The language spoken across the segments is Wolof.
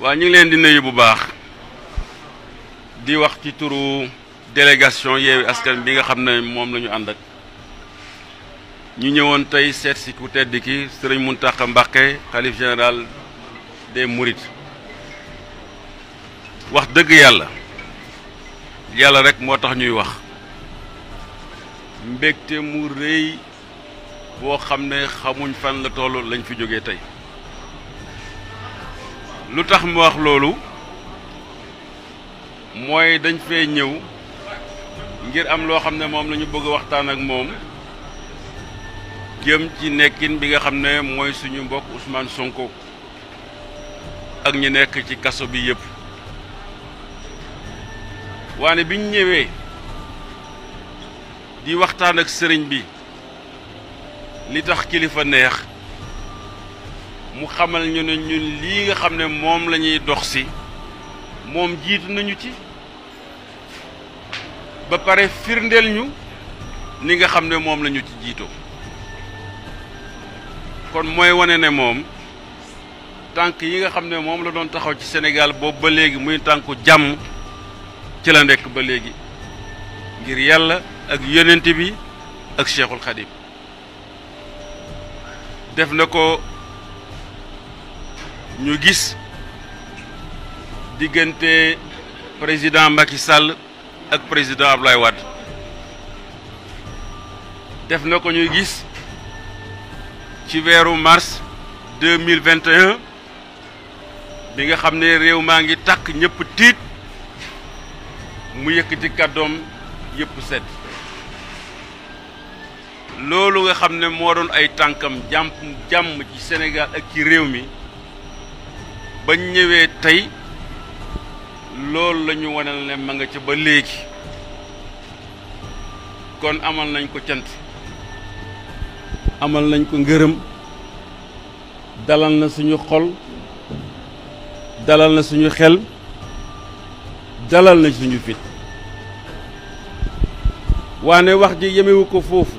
waa ñu ngi leen di nuyu bu baax di wax ci turu délégation Yewwi Askan bi nga xam ne moom lañu ñu ànd ak ñu ñëwoon tey seet si ku tedd ki sëriñ Mountakha Mbacké xalif général de murit wax dëgg yàlla yàlla rek moo tax ñuy wax mbégte mu rëy boo xam ne xamuñ fan la toll lañu fi jógee tey lu tax mu wax loolu mooy dañ fee ñëw ngir am loo xam ne moom lañu bëgg waxtaan ak moom jëm ci nekkin bi nga xam ne mooy suñu mbokk Ousmane Sonko ak ñu nekk ci kaso bi yëpp waane biñ ñëwee di waxtaan ak sëriñ bi li tax kilifa neex mu xamal ñu ne ñun lii nga xam ne moom lañuy ñuy dox si moom jiit nañu ci ba pare firndeel ñu ni nga xam ne moom lañu ci jiitoo kon mooy wane ne moom tànk yi nga xam ne moom la doon taxaw ci Sénégal boobu ba léegi muy tànku jàmm ci la nekk ba léegi ngir yàlla ak yonent bi ak Cheikhul Khadim def na ko ñu gis diggante président Macky sàll ak président lay Wade def na ko ñu gis ci weeru mars deux mille vingt et bi nga xam ne réew maa ngi tàkk ñëpp tiit mu yëkkati kàddoom yëpp set loolu nga xam ne moo doon ay tànkam jàmm jàmm ci Sénégal ak ci réew mi. bañ ñëwee tey loolu la ñu wanal ne ma nga ca ba léegi kon amal nañ ko cant amal nañ ko ngërëm dalal na suñu xol dalal na suñu xel dalal na suñu fit waane wax ji yemewu ko foofu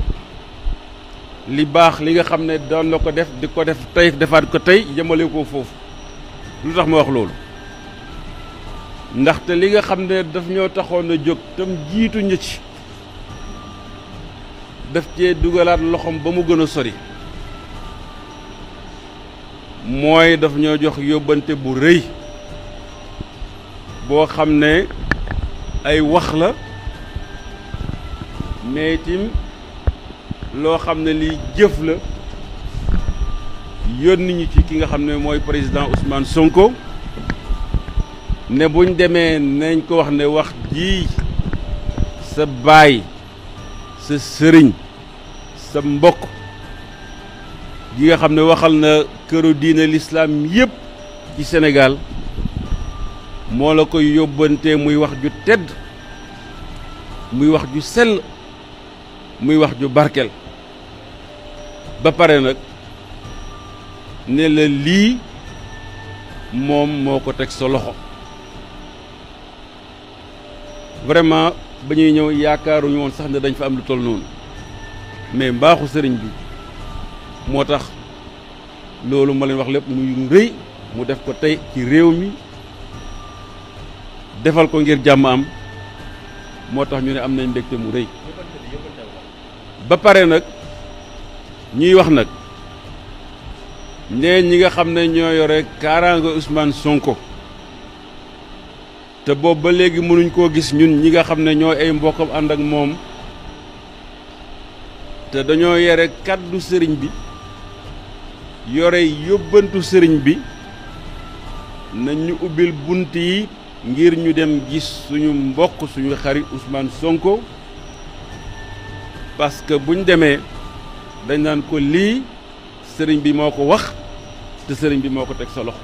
li baax li nga xam ne doon na ko def di ko def tey defaat ko tey yemale ko foofu lu tax ma wax loolu ndaxte li nga xam ne daf ñoo taxoon a jóg tam jiitu ci daf cee dugalaat loxoom ba mu gën a sori mooy daf ñoo jox yóbbante bu rëy boo xam ne ay wax la mais itam loo xam ne lii jëf la yónni ñu ci ki nga xam ne mooy président Ousmane Sonko ne buñ demee nañ ko wax ne wax ji sa baay sa sëriñ sa mbokk gi nga xam ne waxal na këru diine lislaam yépp ci senegal moo la koy yóbbantee muy wax ju tedd muy wax ju sell muy wax ju barkel ba pare nag ne la lii moom moo ko teg sa loxo vraiment ba ñuy ñëw yaakaaruñu woon sax ne dañ fa am lu toll noonu mais mbaaxu sëriñ bi moo tax loolu ma leen wax lépp muy rëy mu def ko tey ci réew mi defal ko ngir jàmm am moo tax ñu ne am nañ mbégte mu rëy ba pare nag ñuy wax nag ne ñi nga xam ne ñoo yore kaaraange Ousmane Sonko te boobu léegi mënuñ koo gis ñun ñi nga xam ne ñoo ay mbokkam ànd ak moom te dañoo yore kàddu sëriñ bi yore yóbbantu sëriñ bi na ñu ubbil bunt yi ngir ñu dem gis suñu mbokk suñu xarit Ousmane Sonko parce que buñ demee dañ naan ko lii sëriñ bi moo ko wax te sëriñ bi moo ko teg sa loxo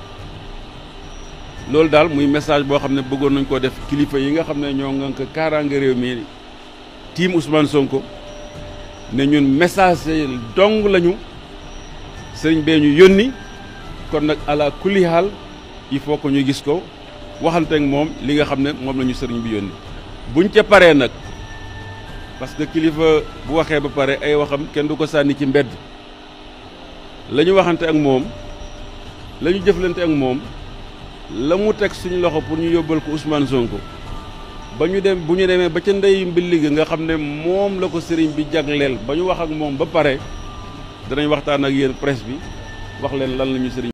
loolu daal muy message boo xam ne bëggoon nañ koo def kilifa yi nga xam ne ñoo ngànk kaaraange réew mi tiim son ko ne ñun message dong lañu sëriñ bee ñu yónni kon nag ala kulli haal il faut que ñu gis ko waxanteeg moom li nga xam ne moom la ñu sëriñ bi yónni buñ ca paree nag parce que kilifa bu waxee ba pare ay waxam kenn du ko sànni ci mbedd la ñu waxante ak moom. la ñu jëflante ak moom la mu teg suñu loxo pour ñu yóbbal ko son ko ba ñu dem bu ñu demee ba ca ndey mbilli ga nga xam ne moom la ko sëriñ bi jagleel ba ñu wax ak moom ba pare danañ waxtaan ak yéen presse bi wax leen lan la ñu sëriñ